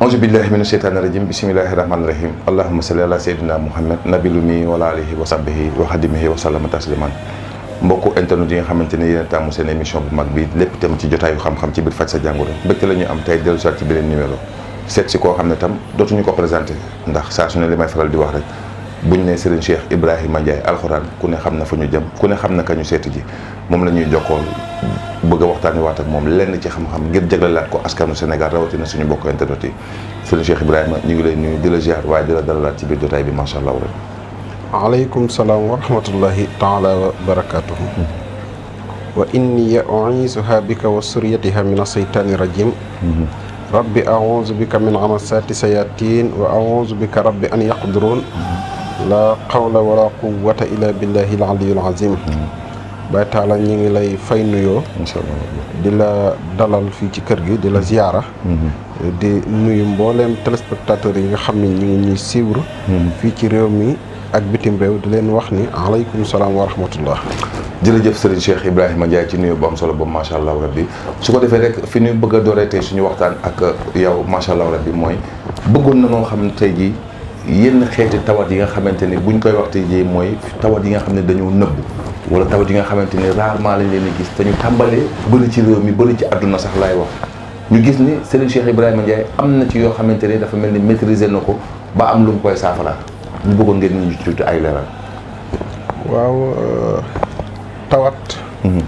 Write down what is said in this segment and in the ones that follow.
auzu billahi mina sheytaani rajim bismillahi rahmaani rahim allahuma salli ala sayyidina muhammad nabilu mi wala alihi wa sahbihi wa mbokku internet yi nga xamante ni yéen taamu seen émission bu mag bi lépp itam ci jotaayu xam-xam ci biir faj sa jàngoro mbégte la ñuy am tey dellu ci beneen numéro seet si koo xam ne tam dootuñu ko présenté ndax saa su ne li may faral di wax rek buñ ne Serigne Cheikh Ibrahima Ndiaye alxuraan ku ne xam na fu ñu jëm ku ne xam na ka ñu seetu ji moom la ñuy jokkool bëgg a waxtaanee moom lenn ci xam-xam ngir jaglalaat ko askanu Sénégal rawatina suñu bokk internet yi sëriñ Cheikh Ibrahima ñu ngi lay di la ziar waaye di la dalalaat ci biir jotaay bi macha allah. waaleykum salaam wa rahmatullahi taala wa barakatuhu wa inni u'iisuha bika wa suriyatiha min asaytaani rajim rabbi a'uuzu bika min amasaati sayaatiin wa a'uuzu bika rabbi an yaqduruun laa qawla wala quwwata illa billahi al aliyyil Baye Talla ñi ngi lay fay nuyoo. di la dalal fii ci kër gi di la ziyaara. Mm-hmm. di nuyu mbooleem téléspectateurs yi nga xam ne ñu ngi ñuy suivre. Mm-hmm. fii ci réew mi ak bitim réew di leen wax ni aleykum salaam wa rahmatullah. jërëjëf Serigne Cheikh Ibrahima Ndiaye ci nuyu bu am solo boobu macha allah bi su ko defee rek fi ñu bëgg a dooreetee suñu waxtaan ak yow macha allah rabbi mooy bëggoon na noo xam ne tey jii. yenn xeeti tawat yi nga xamante ni buñ koy waxte ji mooy tawat yi nga xam ne dañoo nëbb wala tawat yi nga xamante ni rarement lañ leen di gis te ñu tàmbalee bëri ci réew mi bëri ci àdduna sax laay wax ñu gis ni Serigne Cheikh Ibrahima Ndiaye am na ci yoo xamante ne dafa mel ni maîtriser na ko ba am lu mu koy saafara ñu bëggoon ngeen ñu tuuti ay leeral waaw tawat mhm.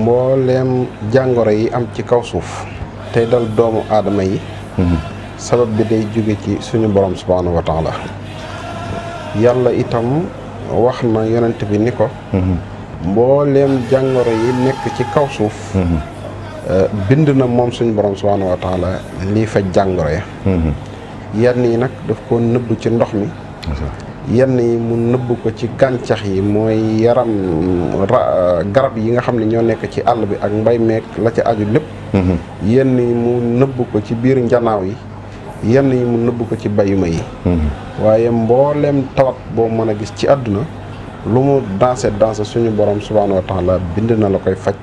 mbooleem jàngoro yi am ci kaw suuf tey dal doomu aadama yi mhm. sabab bi day jóge ci suñu borom subhaanahu wa taala yàlla itam wax na yonent bi ni ko mhm. mbooleem jàngoro yi nekk ci kaw suuf mhm. eh, bind na moom suñu borom subhaanahu wa taala lii faj jàngoro ya mhm. yenn yi nag daf ko nëbb ci ndox mi yenn yi mu nëbb ko ci gàncax yi mooy yaram garab yi nga xam ne ñoo nekk ci àll bi ak mbay meek la ca aju lépp yenn yi mu nëbb ko ci biir njanaaw yi yenn yi mu nëbb ko ci bayuma yi mhm. waaye mbooleem tawat boo mën a gis ci àdduna lu mu dansé dansé suñu borom subhaanahu wa taala bind na la koy faj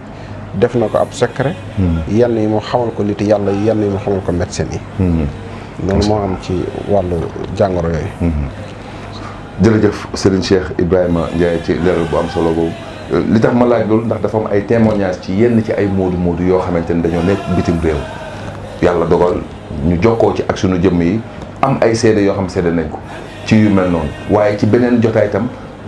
def na ko ab secret mhm. yenn yi mu xamal ko nit yàlla yi yenn yi mu xamal ko médecin yi mhm. loolu moo am ci wàllu jàngoro yooyu jërëjëf Serigne Cheikh Ibrahima Ndiaye ci leeral bu am solo boobu li tax ma laaj loolu ndax dafa am ay témoignage ci yenn ci ay moodu moodu yoo xamante ni dañoo nekk bitim réew yàlla dogal ñu jokkoo ci ak sunu jëmm yi am ay seede yoo xam seede nañ ko ci yu mel noonu waaye ci beneen jotaay itam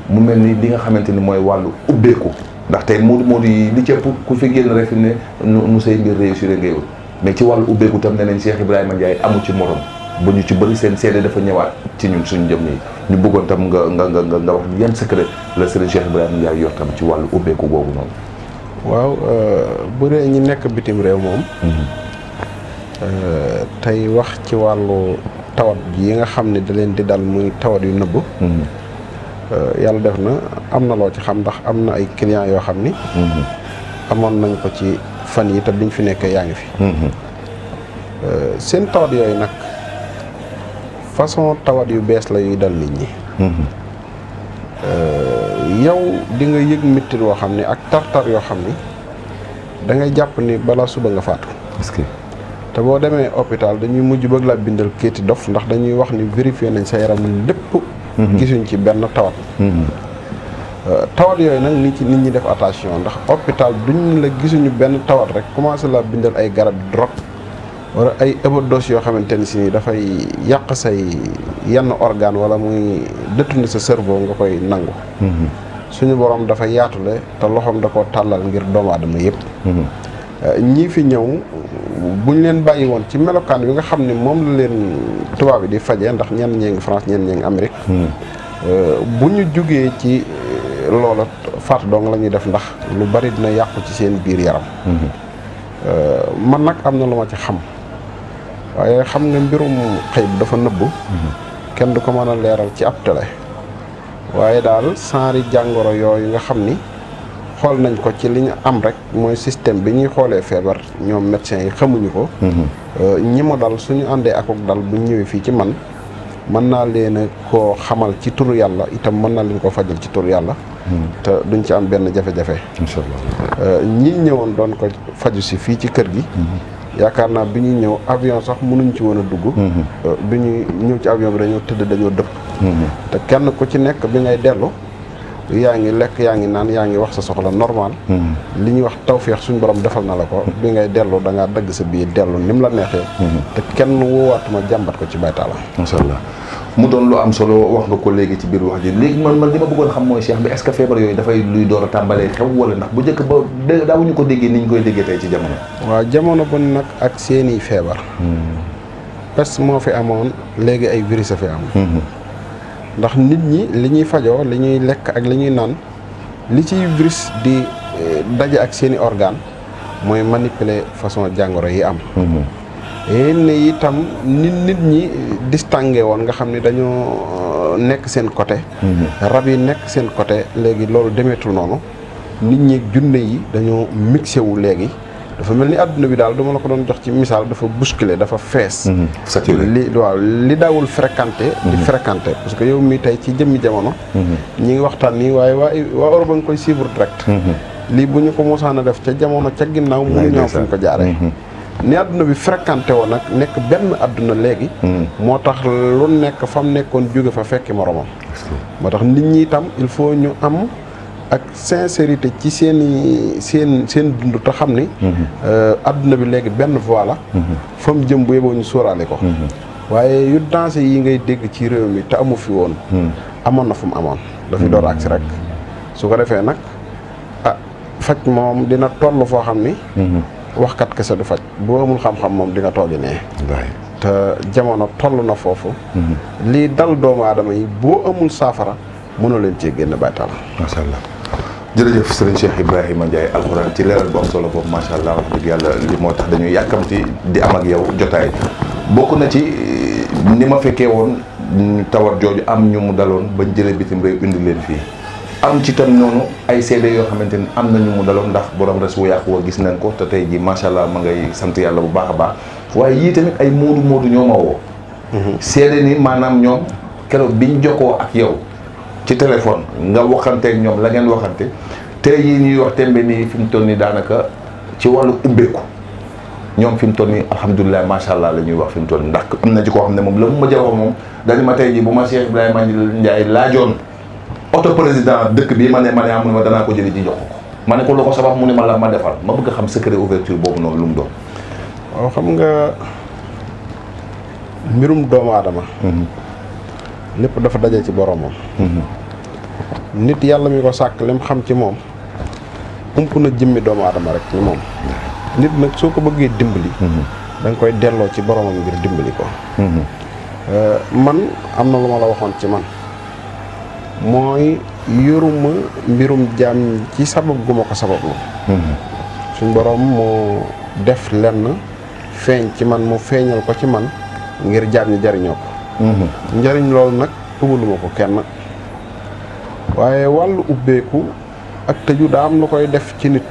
mu mel nii li nga xamante ni mooy wàllu ubbeeku ndax tey moodu moodu yi li cëpp ku fi génn rek ne nu say mbir réussir ngay wut mais ci wàllu ubbeeku tam ne nañ Cheikh Ibrahima Ndiaye amu ci morom ñu ci bëri seen seede dafa ñëwaat ci ñun suñu jëm yi ñu bëggoon tam nga nga nga nga wax yan secret la sëriñ Cheikh Ibrahima Ndiaye yor tam ci wàllu ubbeeku boobu noonu waaw euh, bu dee ñi nekk bitim réew moom mm-hmm. Euh, tey wax ci wàllu tawat yi nga xam ne daleen di dal muy tawat yu nëbb mm-hmm. euh, yàlla def na am na loo ci xam ndax am na ay clients yoo xam ni mm-hmm. amoon nañ ko ci fan yi te biñ fi nekkee yaa ngi fi mm-hmm. euh, seen tawat yooyu nag façon tawat yu bees la yuy dal nit ñi yow di nga yëg mettit woo xam ne ak tartar yoo xam ni dangay jàpp ni balaa suba nga faatu te boo demee hôpital dañuy mujj bëgg laa bindal kéeti dof ndax dañuy wax ni vérifié nañ sa yaram lépp. Mhm. gisuñ ci benn tawat. Mhm. Euh, tawat yooyu nag ni ci nit ñi def attention ndax hôpital duñ la gisuñu benn tawat rek commencé la bindal ay garab drogue wala ay dos yoo xamante ne si dafay yàq say yenn organe wala muy détourner sa cerveau nga koy nangu. Mhm. suñu borom dafa yaatule te loxoom da koo tàllal ngir doomu aadama yëpp. ñii fi ñëw buñ leen bàyyi woon ci melokaan yi nga xam ne moom la leen tubaab yi di faje ndax ñenn ñee ngi France ñenn ñee ngi Amérique. Hmm. Euh, bu ñu jógee ci euh, loola faatu dong la lañuy def ndax lu bari dina yàqu ci seen biir yaram. Hmm. Euh, man nag am na lu ma ci xam waaye xam nga mbirum xëyb dafa nëbbu. Hmm. kenn du ko mën a leeral ci ab télé. waaye daal saari jàngoro yooyu nga xam ni. xool nañ ko ci li ñu am rek mooy système bi ñuy xoolee feebar ñoom médecins yi xamuñu ko. Mhm. Euh, ñi ma dal suñu àndee akuk dal bu ñëwee fii ci man mën naa leen koo xamal ci turu yàlla itam mën naa leen ko fajal ci turu yàlla. Mhm. te duñ ci am benn jafe-jafe. incha euh, ñi ñëwoon doon ko faju si fii ci kër gi. Mhm. yaakaar naa bi ñuy ñëw avion sax mënuñ ci woon a dugg. Euh, bi ñuy ñëw ci avion bi dañoo tëdd dañoo dëpp. te kenn ku ci nekk bi ngay dellu. yaa ngi lekk yaa ngi naan yaa ngi wax sa soxla normal hmm. li ñuy wax tawféex suñu borom defal na la ko bi ngay dellu da ngaa dagg sa biir dellu ni mu la neexee hmm. te kenn woowaatuma jàmbat ko ci baytaala masha Allah mu doon lu am solo wax nga ko léegi ci biir wax ji léegi man man li ma bëggoon xam mooy Cheikh bi est que feebar yooyu dafay luy door a tàmbalee xew wala ndax bu njëkk ba daawuñu ko déggee ni ñu koy déggee tey ci jamono waa jamono bu nag ak seeni feebar hmm. pes moo fi amoon léegi ay virus a fi am ndax nit ñi li ñuy fajoo li ñuy lekk ak li ñuy naan li ci virus di eh, daje ak seeni organe mooy manipuler façon jàngoro yi am mm-hmm. yenn itam nit nit ñi distingué woon nga xam ni dañoo euh, nekk seen côté mm-hmm. rab yi nekk seen côté léegi loolu demeetul noonu nit ñi junne yi dañoo mixé wu léegi dafa mel ni àdduna bi daal dama la ko doon jox ci misaal dafa buskile dafa fees. Mhm. li waaw li daawul fréquenté. di mhm. fréquenté parce que yow mii tey ci jëmmi jamono. Mhm. ñi ngi waxtaan nii waaye waa waa Europe nga koy suivre direct. lii bu ñu ko mosaan a def ca jamono ca ginnaaw. mu ñëw fu ñu ko jaaree. ni àdduna bi fréquenté woon nag nekk benn àdduna léegi. moo tax lu nekk fam nekkoon jóge fa fekki moromam. moo tax nit ñi itam il faut ñu am. ak sincérité ci seen i seen seen dund te xam ni. àdduna mhm. euh, bi léegi benn voie la. Mhm. fa jëm bu yeboo ñu sóoraale ko. Mhm. waaye yu danse yi ngay dégg ci réew mi te amu fi woon. amoon na fu mu amoon. dafi door agsi rek su ko defee nag a ah, faj moom dina toll foo xam ni. waxkat kese du faj boo amul xam-xam moom dina nga toogi nee te jamono toll na foofu lii dal doomu aadama yi boo amul saafara mënoo leen cee génn baytal macha allah jërëjëf sëriñ Cheikh Ibrahima Ndiaye alxuraan ci leeral bu am solo boobu macha allah wax dëgg yàlla li moo tax dañuy yàkkamti di am ak yow jotaay bokk na ci ni ma fekkee woon tawat jooju am ñu mu daloon bañ jëlee bitim réew indi leen fii am ci tam noonu ay seede yoo xamante ni am na ñu mu daloon ndax borom res wu yàqu wa gis nañ ko te tey ji macha allah ma ngay sant yàlla bu baax a baax waaye yii tamit ay moodu moodu ñoo ma woo. Mhm. seede ni maanaam ñoom keroog biñ jokkoo ak yow. ci téléphone nga waxanteeg ñoom la ngeen waxante tey yi ñuy wax tembe nii fi mu toll nii daanaka ci wàllu ubbeeku ñoom fi mu toll nii alhamdulilah macha allah la ñuy wax fi mu nii ndax am na ci koo xam ne moom la mu ma ja wax moom dañu ma tey jii bu ma laajoon auto président dëkk bi ma ne ma ah danaa ko jële ji jox ko ma ne ko lu ko sabab mu ne ma la ma defal ma bëgg xam secret ouverture boobu noonu lu mu doon. xam nga mbirum doomu aadama. Mhm. lépp dafa daje ci boroomam nit yàlla mi ko sàkk xam ci moom ump na jëmmi doomu aadama rek ni moom. nit nag soo ko bëggee dimbali. da koy delloo ci boromam ngir dimbali ko. Euh, man am na lu ma la waxoon ci man mooy yoruma mbirum jaam ci sabab gu ma ko sabablu. suñ borom moo def lenn feeñ ci man mu feeñal ko ci man ngir jaam ñi jariñoo ko. Mhm. njariñ loolu nag tugaluma ko kenn waaye wàllu ubbeeku ak tëju daa am lu koy def ci nit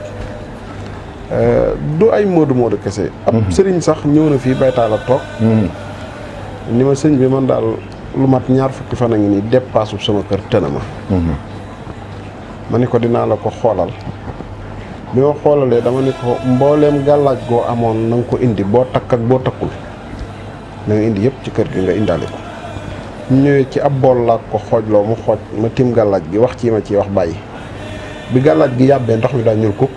eh, du ay moodu moodu kese ab mhm. sëriñ sax ñëw na fii baytaal a toog mhm. ni ma sëñ bi man daal lu mat ñaar fukki fan a ngi nii dépassu sama kër tëna ma ma ni ko dinaa la ko xoolal bi ma xoolalee dama ni ko mbooleem gàllaaj goo amoon na ko indi boo takk ak boo takkul la indi yëpp ci kër gi nga indaale ko ñu ñëwee ci ab bool laa ko loo mu xooj ma tiim gàllaaj gi wax ci ma ciy wax bàyyi bi gàllaaj gi yàbbee ndox mi daa ñuul kukk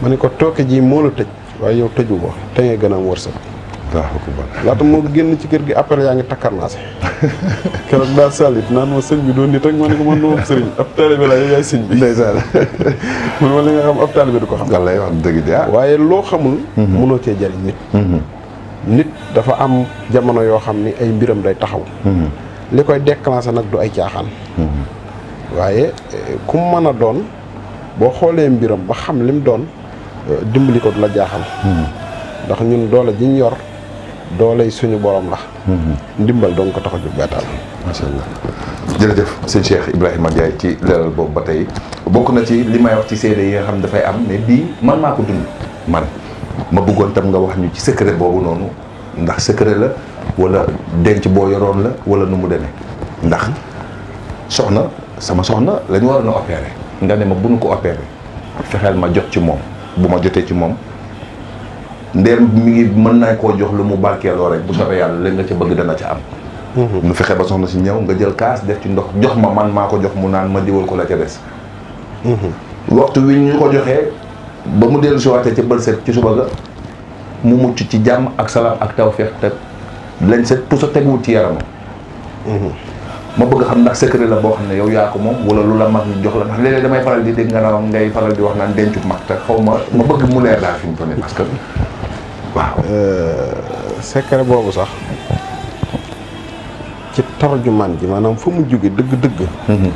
ma ne ko tooke ji moo la tëj waaye yow tëju ko te gën a am wërsëg laata moo génn ci kër gi après yaa ngi takkarnaase keroog daa salit naan ma sëñ bi doon nit rek ma ne ko man moom sëriñ ab taalibe la yow yaay xam ab ko xam wallay wax dëgg ah. waaye loo xamul mhm. mënoo cee jariñ nit mhm. nit dafa am jamono yoo xam ni ay mbiram day taxaw hmm. li koy déclenché nag du ay caaxaan hmm. waaye eh, ku mën a doon boo xoolee mbiram ba xam lim doon eh, dimbali ko du la jaaxal hmm. ndax ñun doole jiñ yor doole suñu borom la ndimbal doon ko tax a jóg beetaal macha allah jërëjëf sëñ Cheikh Ibrahima Ndiaye ci leeral boobu ba tey bokk na ci li may wax ci seede yi nga xam dafay am ne bii man maa ko dund man ma bëggoon tam nga wax ñu ci secret boobu noonu ndax secret la wala denc boo yoroon la wala nu mu demee ndax soxna sama soxna lañu ñu waroon a opéré nga ne ma bu nu ko opéré fexeel ma jot ci moom bu ma jotee ci moom ndeem mi ngi mën naa koo jox lu mu barkeeloo rek bu soobee yàlla li nga ca bëgg dana ca am. ñu mhm. fexe ba soxna si ñëw nga jël kaas def ci ndox jox ma man maa ko jox mu naan ma diwal ko la ca des. Mhm. waxtu wi ñu ko joxee. ba mu dellu si waatee ca bët set ci suba ga mu mucc ci jàmm ak salaam ak tawfeex teg lañ set puso teguwul ci yaramam. Mm-hmm. ma bëgg xam ndax secret la boo xam ne yow yaa ko moom wala lu la mag ñu jox la ndax léeg damay faral di dégg nga naan ngay faral di wax naan dencu mag te xaw ma ma bëgg mu leer daal fi mu toll parce que waaw. Euh, secret boobu sax ci tarjumaan ji maanaam fa mu jóge dëgg-dëgg. Mm-hmm.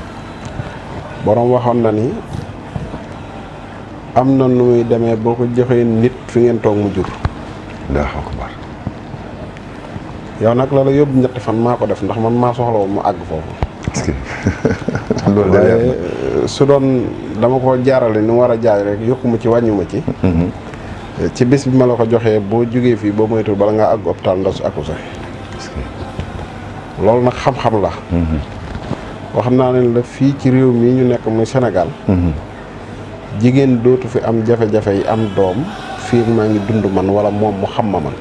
borom waxoon na ni. am na nu muy demee boo ko joxee nit fi ngeen toog mu jur yow nag la la yóbbu ñetti fan maa ko def ndax man maa soxla woo mu àgg foofu loolu su doon dama ko jaarale ni war a jaay rek yokku ma ci wàññu ma ci mm-hmm. ci bis bi ma la ko joxee boo jógee fii boo moytul bala ngaa àgg opitaal ndax su àggu sax loolu nag xam-xam la mm-hmm. wax naa ne la fii ci réew mii ñu nekk muy senegal mm-hmm. jigéen dootu fi am jafe-jafe yi am doom fii maa ngi dund man wala moom mu xam ma man.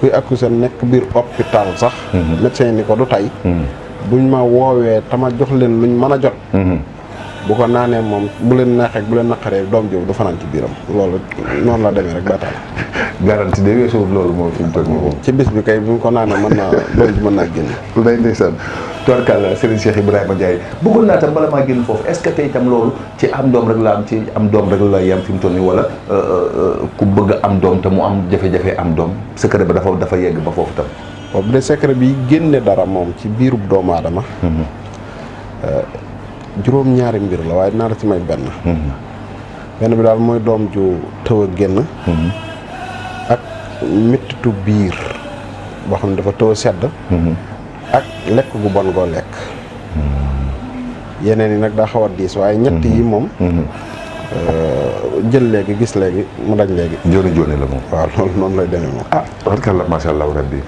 kuy accusé nekk biir hôpital sax. Mhm. médecin ni ko du tey. Mhm. buñ ma woowee tama jox leen luñ mën a jot. Mhm. bu ko naanee moom bu leen neexee bu leen naqaree doom jooju du fanaan ci biiram loolu noonu la demee rek ba taal. garanti de weesu loolu moom fi ci bis bi kay bu ñu ko naanee mën naa loolu mën naa génn. lu day ndeysaan tubarkàlla Serigne Cheikh Ibrahima Ndiaye bëggoon naa tam bala maa génn foofu est-ce que tey loolu ci am doom rek la am ci am doom rek la yem fi mu toll nii wala euh, euh, ku bëgg am doom te mu am jafe-jafe am doom secret bi dafa dafa yegg ba foofu tam. waaw bu dee secret bi génne dara moom ci biirub doomu aadama. Mhm. Euh, juróom ñaari mbir la waaye dinaa la ci may benn. Mhm. benn bi daal mooy doom ju tëw a génn. Mhm. ak méttitu biir boo xam ne dafa tëw sedd. ak lekk gu bon goo lekk yeneen yi nag daa xaw a diis waaye ñett yi moom jël léegi gis léegi mu daj léegi jooni jooni la moom waaw loolu noonu lay demee moom ah barkalla macha allah rabbi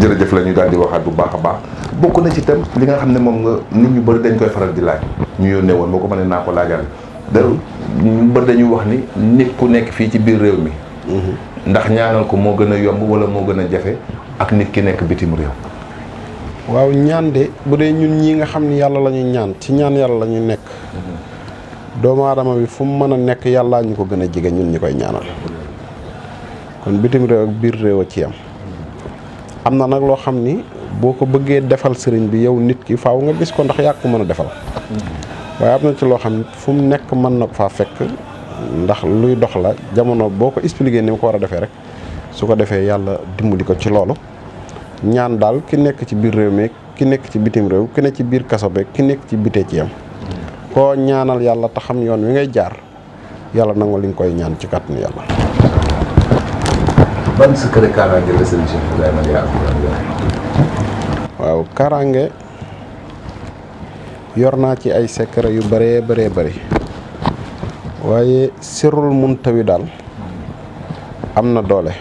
jërëjëf la ñu daal di waxaat bu baax a baax bokk na ci itam li nga xam ne moom nga nit ñu bëri dañ koy faral di laaj ñu yónnee woon moo ko mën naa ko laajal da ñu bëri dañuy wax ni nit ku nekk fii ci biir réew mi mhm. ndax ñaanal ko moo gën a yomb wala moo gën a jafe ak nit ki nekk bitim réew waaw ñaan de bu dee ñun ñi nga xam ni yàlla la ñuy ñaan ci ñaan yàlla la ñuy nekk mm-hmm. doomu aadama bi fu mu mën a nekk yàllaa ñu ko gën a jege ñun ñi koy ñaanal kon bitim réew ak biir réew a ci am am na nag loo xam ni boo ko bëggee defal sëriñ bi yow nit ki faaw nga gis ko ndax yaa ko mën a defal mm-hmm. waaye am na ci loo xam ni fu mu nekk mën na ko faa fekk ndax luy dox la jamono boo ko expliqué ni mu ko war a defee rek su ko defee yàlla dimbali ko ci loolu ñaan daal ki nekk ci biir réew mi ki nekk ci bitim réew ki ne ci biir kaso beeg ki nekk ci bite ci koo ñaanal yàlla taxam yoon wi ngay jaar yàlla nangu li nga koy ñaan ci kàttanu yàlla. waaw kaaraange yor naa ci ay secret yu bëree bëree bari waaye sirrul muntawi daal am na doole.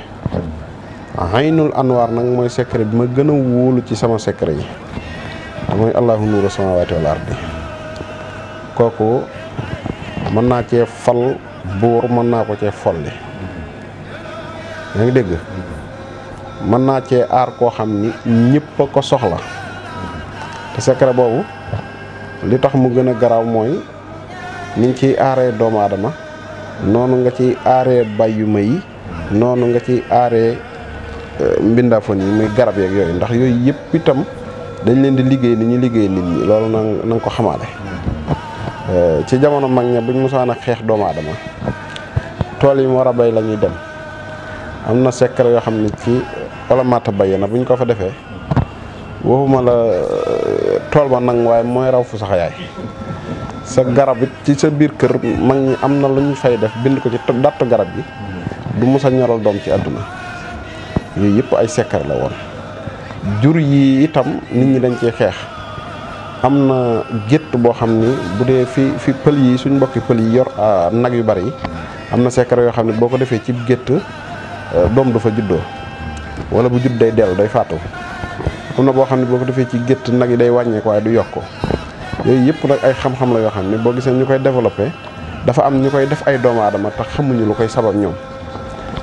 aynul anwaar nag mooy secret bi ma gën a wóolu ci sama secret yi te mooy allahu nuuru samaawaati wal ardi kooku mën naa cee fal buur mën naa ko cee folli yaa ngi dégg mën naa cee aar koo xam ni ñëpp ko soxla te secret boobu li tax mu gën a garaaw mooy ni nga ciy aaree doomu aadama noonu nga ciy aaree ma yi noonu nga ciy aaree Euh, mbindaafoon yi muy garab yeeg yooyu ndax yooyu yëpp itam dañ leen di liggéey ni ñu liggéey nit ñi loolu na nga ko xamaale euh, ci jamono mag ña buñ mosaan a xeex doomu aadama tool yi war a bay la ñuy dem am na secret yoo xam ne ci wala matta bay na buñ ko fa defee waxuma la euh, tool ba nag waaye mooy raw fu sax yaay sa garab it ci sa biir kër mag ñi am na lu ñu fay def bind ko ci dattu garab gi du mos a ñoral doom ci àdduna yooyu yëpp ay sekkar la woon jur yi itam nit ñi dañ ciy xeex am na gétt boo xam ni bu dee fi fi pël yi suñ mbokki pël yi yor ah, nag yu bari yi am na sekkar yoo xam ne boo ko defee ci gétt euh, doom du fa juddoo wala bu judd day dellu day faatu am na boo xam ne boo ko defee ci gétt nag yi day wàññeeku waaye du yokk yooyu yëpp nag ay xam-xam la yoo xam ne boo gisee ñu koy développé dafa am ñu koy def ay doomu aadama tax xamuñu lu koy sabab ñoom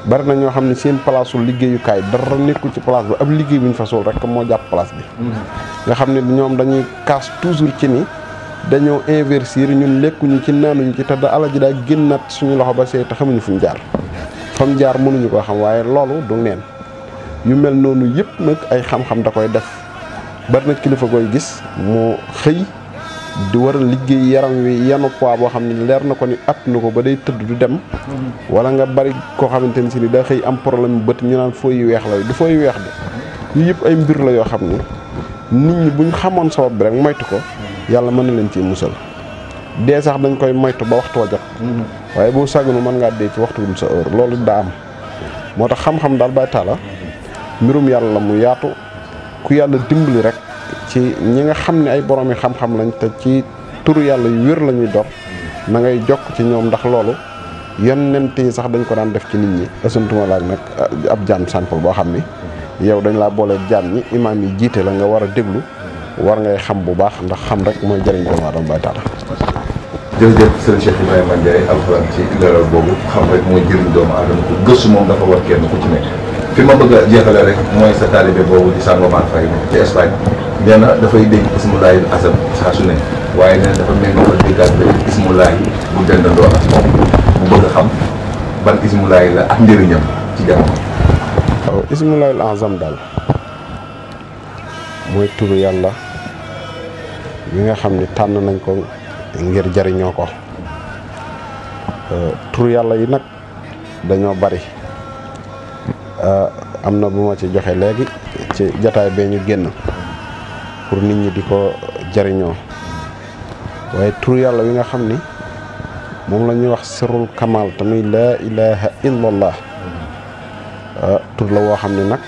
bari na ñoo xam ne seen place liggéeyukaay dara nekkul ci place ba ab liggéey bu ñu fasul rek moo jàpp place bi. Mm-hmm. nga xam ne ñoom dañuy kaas toujours ci ni dañoo investir ñun nekkuñu ci naanuñu ci te da ala ji daa génnaat suñu loxo ba seey te xamuñu fu mu jaar. fa mu jaar mënuñu koo xam waaye loolu du neen yu mel noonu yëpp nag ay xam-xam da koy def bari nag kilifa koy gis mu xëy. di waral liggéey yaram wi yanu poids boo xam ne leer na ko ni at na ko ba day tëdd du dem wala nga bari koo xamante ne si ni da xëy am problème bët ñu naan fooy yu weex la du fooy yu weex bi yu yëpp ay mbir la yoo xam ne nit ñi buñ xamoon sabab bi rek moytu ko yàlla mën na leen ciy musal dee sax dañ koy moytu ba waxtu wa jot waaye boo sàgganu mën ngaa dee ci waxtu bu sa heure loolu daa am moo tax xam-xam daal bàyyi taala mbirum yàlla la mu yaatu ku yàlla dimbali rek ci ñi nga xam ne ay boroomi xam-xam lañ te ci turu yàlla yu wér la ñuy dox na ngay jokk ci ñoom ndax loolu yonent yi sax dañ ko daan def ci nit ñi asuntuma laak nag ah, ab jaam simple boo xam ni yow dañ laa boolee jaam ñi imaam yi jiite la nga war a déglu war ngay xam bu baax ndax xam rek mooy jëriñ doomu aadama bay taala jërëjëf sëriñ Cheikh Ibrahima Ndiaye alxuraan ci leeral boobu xam rek mooy jëriñ doomu aadama ko gëstu moom dafa war kenn ku ci nekk fi ma bëgg jeexale rek mooy sa taalibe boobu di Sangomar Faye ci Espagne nee dafay dégg ismu laay yu saa su ne waaye nee na dafa mel ko déggaat benn ismu laay bu dendandoo ak moom mu bëgg xam ban ismu la ak njëriñam ci jamono. waaw ismu daal mooy tur yàlla yi nga xam ni tànn nañ ko ngir jariñoo ko euh, turu yàlla yi nag dañoo bari euh, am na bu ma ci joxe léegi ci jataay bee ñu génn pour nit ñi di ko jariñoo waaye tur yàlla yi nga xam ni moom lañuy wax sirrul kamal tamit laa ilaha illallah ah, tur la woo xam ne nag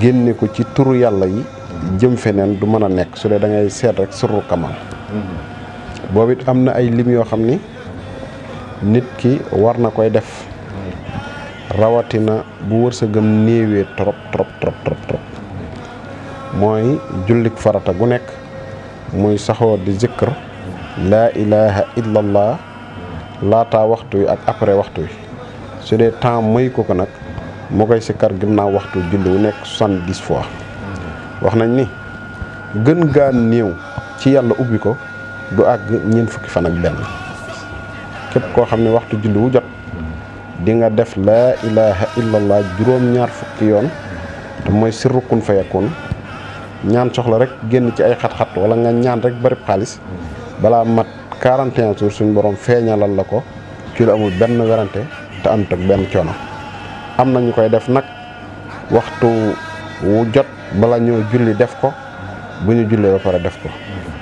génne ko ci turu yàlla yi jëm feneen du mën a nekk su dee da ngay seet rek sirrul kamal mm-hmm. boobu it am na ay lim yoo xam ni nit ki war na koy def mm-hmm. rawatina bu wër néewee trop trop trop trop trop mooy jullik farata gu nekk muy saxoo di zikkër laa ilaha illallah laataa waxtu wi ak après waxtu wi su dee temps may ko ko nag mu koy sikkar naa waxtu julli wu nekk soixante dis fois wax nañ ni gën gaa néew ci yàlla ubbi ko du àgg ñeent fukki fan ak benn képp koo xam ne waxtu julli wu jot di nga def laa ilaha illallah juróom-ñaar fukki yoon te mooy sirru kun fayakun ñaan soxla rek génn ci ay xat-xat wala nga ñaan rek bari xaalis balaa mat 41 jours suñ boroom feeñalal la ko ci lu amul benn werante te am toog benn coono am na ñu koy def nag waxtu wu jot bala ñoo julli def ko bu ñu jullee ba pare def ko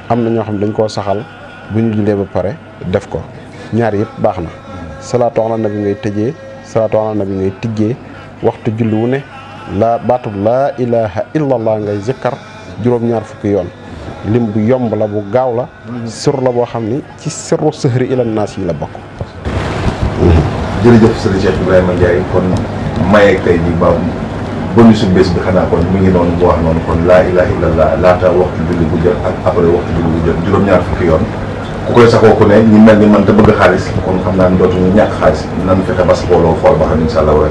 am na ñoo xam ne dañ koo saxal bu ñu jullee ba pare def ko ñaar yëpp baax na salaatu ala nabi ngay tëjee salaatu nag nabi ngay tijjee waxtu julli wu ne laa baatub laa ilaha illallah ngay zikkar juróom-ñaar fukki yoon lim bu yomb la bu gaaw la sur la boo xam ni ci sirru sëhri ilan naas yi la bokk jërëjëf bu Cheikh ma Ndiaye kon mayeeg tey ji ba bonusu bés bi xanaa kon mu ngi noonu bu wax noonu kon laa ilaha laa laata waxtu julli bu jël ak après waxtu julli bu jot juróom-ñaar fukki yoon ku koy saxoo ku ne ñi mel ni man te bëgg xaalis kon xam naa ne dootuñu ñàkk xaalis nan fexe bas booloo fool ba xam insha allah wa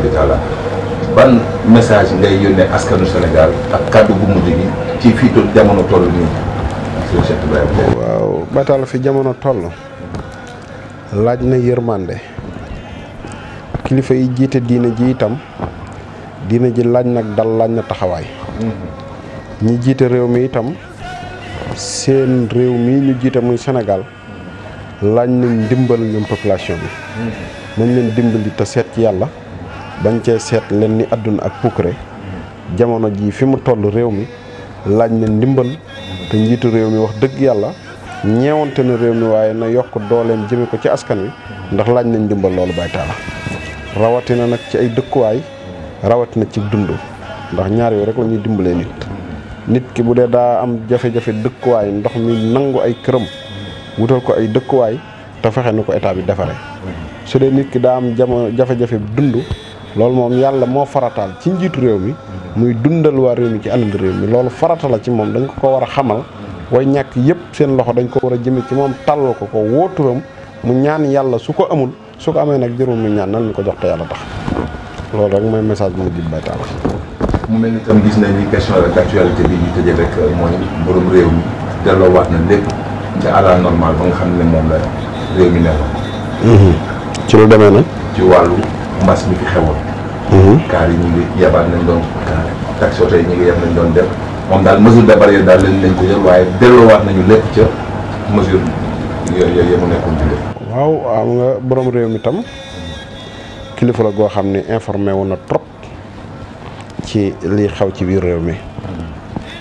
ban message ngay yónnee askanu senegaal ak kàddu gu mujj gi ci fii jamono toll nii. waaw batal fi jamono toll laaj na yërmande kilifa yi jiite diina ji itam diina ji laaj nag dal laaj na taxawaay. Mm-hmm. ñi jiite réew mi itam seen réew mi ñu jiite muy Sénégal laaj nañ ndimbal ñoom population bi. Mm-hmm. nañ leen dimbali te seet ci yàlla. bañ cee seet leen ni àdduna ak pukkare jamono ji fi mu toll réew mi laaj na ndimbal te njiitu réew mi wax dëgg yàlla ñeewante na réew mi waaye na yokk dooleen jëme ko ci askan wi ndax laaj nañ ndimbal loolu bay taala rawatina nag ci ay dëkkuwaay rawatina ci dund ndax ñaar yooyu rek la ñuy dimbalee nit nit ki bu dee daa am jafe-jafe dëkkuwaay ndox mi nangu ay këram wutal ko ay dëkkuwaay te fexe na ko état bi defare su dee nit ki daa am jamono jafe-jafe dund loolu moom yàlla moo farataal ci njiitu réew mi muy dundal waa réew mi ci alal réew mi loolu farata la ci moom dañ ko ko war a xamal way ñàkk yëpp seen loxo dañ ko war a jëme ci moom tàllal ko ko wóoturam mu ñaan yàlla su ko amul su ko amee nag jërul mu ñaan nan ñu ko jox te yàlla tax loolu rek mooy message bi ma jib baytaal mu mel ni tam gis nañ bi ñu tëjee rek euh, mooy borom réew mi delloowaat na lépp nga à la normale ba nga xam ne moom la réew mi ne mmh. ci lu demee nag ci wàllu mbas mi fi xewoon. Mhm. kaar yi ñu ngi yabaat nañ doon kaar taxi oto yi ñu ngi yab nañ doon def moom daal mesure de barrière daal lañ lañ ko jël waaye waaw am nga borom réew mi tam kilifa la goo xam ne informé woon na trop ci liy xew ci biir réew mi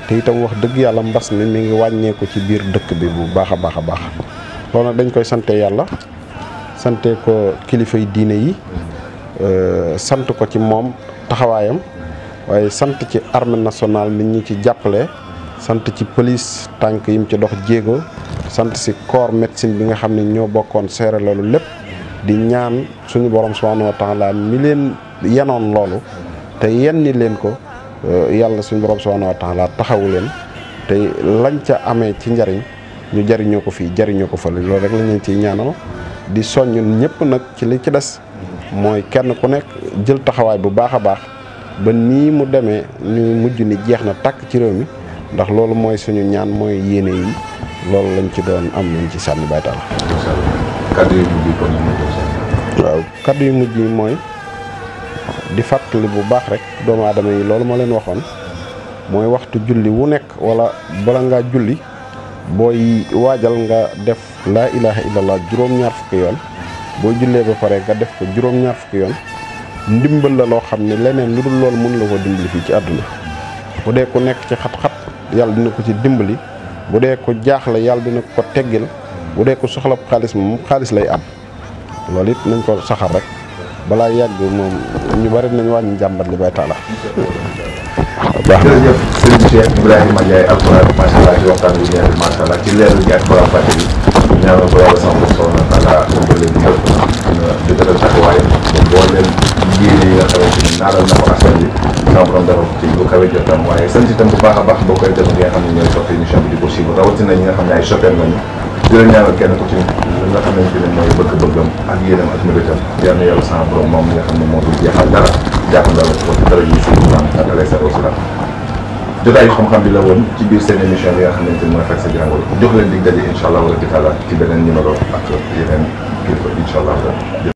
te itam wax dëgg yàlla mbas mi mi ngi wàññeeku ci biir dëkk bi bu baax a baax a baax loolu nag dañ koy sante yàlla sante ko kilifa yi diine yi Euh, sant ko ci moom taxawaayam waaye sant ci armée nationale nit ñu ci jàppale sant ci police tànk yim ci dox jéego sant si corps médecine bi nga xam ne ñoo bokkoon seere loolu lépp di ñaan suñu borom subhanahu wa taala mi yenoon loolu te yenni leen ko euh, yàlla suñu borom subhanahu wa taala taxawu leen te lañ ca amee ci njariñ ñu jariñoo ko fii jariñoo ko fële loolu rek lañ leen ciy ñaanal di soññ ñëpp nag ci li ci des mooy kenn ku nekk jël taxawaay bu baax a baax ba nii mu demee ñu mujj ni jeex na tàkk ci réew mi ndax loolu mooy suñu ñaan mooy yéene yi loolu lañ ci doon am luñ ci sànni baytaal. kaddu yu mujj yi mujj yi mooy di fàttali bu baax rek doomu aadama yi loolu ma leen waxoon mooy waxtu julli wu nekk wala bala ngaa julli booy waajal nga def laa ilaha illallah juróom-ñaar fukki yoon. boo jullee ba pare nga def ko juróom-ñaar fukki yoon ndimbal la loo xam ne leneen lu dul loolu mën la ko dimbali fii ci àdduna bu dee ku nekk ci xat-xat yàlla dina ko ci dimbali bu dee ko jaaxle yàlla dina ko teggil bu dee ko soxla xaalis moom xaalis lay am loolu it nañ ko saxal rek balaa yàgg moom ñu bari nañ wàññi jàmbat li bay taala baax na jërëjëf sëriñ Cheikh Ibrahima Ndiaye alxuraan ci waxtaan ñaanal ko yàlla sax bopp soxna Talla dimbali digal di gën a taxawaay mbooleem yéene yi nga xamante ni naalal na ko askan bi sama borom defal ko ci lu kawe jotam waaye sant itam bu baax a baax boo koy def nga xam ne ñooy soppi bi di ko suivre rawatina ñi nga xam ne ay soppeem lañu di la ñaanal kenn ku ci nga xamante ne mooy bëgg-bëggam ak yéenam ak mébétam yal na yàlla sama borom moom mi nga xam ne moo dul jeexal dara jàpp ndala ko ci dara yu jotaayu xam-xam bi la woon ci biir seen émission bi nga xamante ni mooy faj sa jàngoro jox leen dig daje incha allah wala di taala ci beneen numéro ak yeneen kilifa incha allah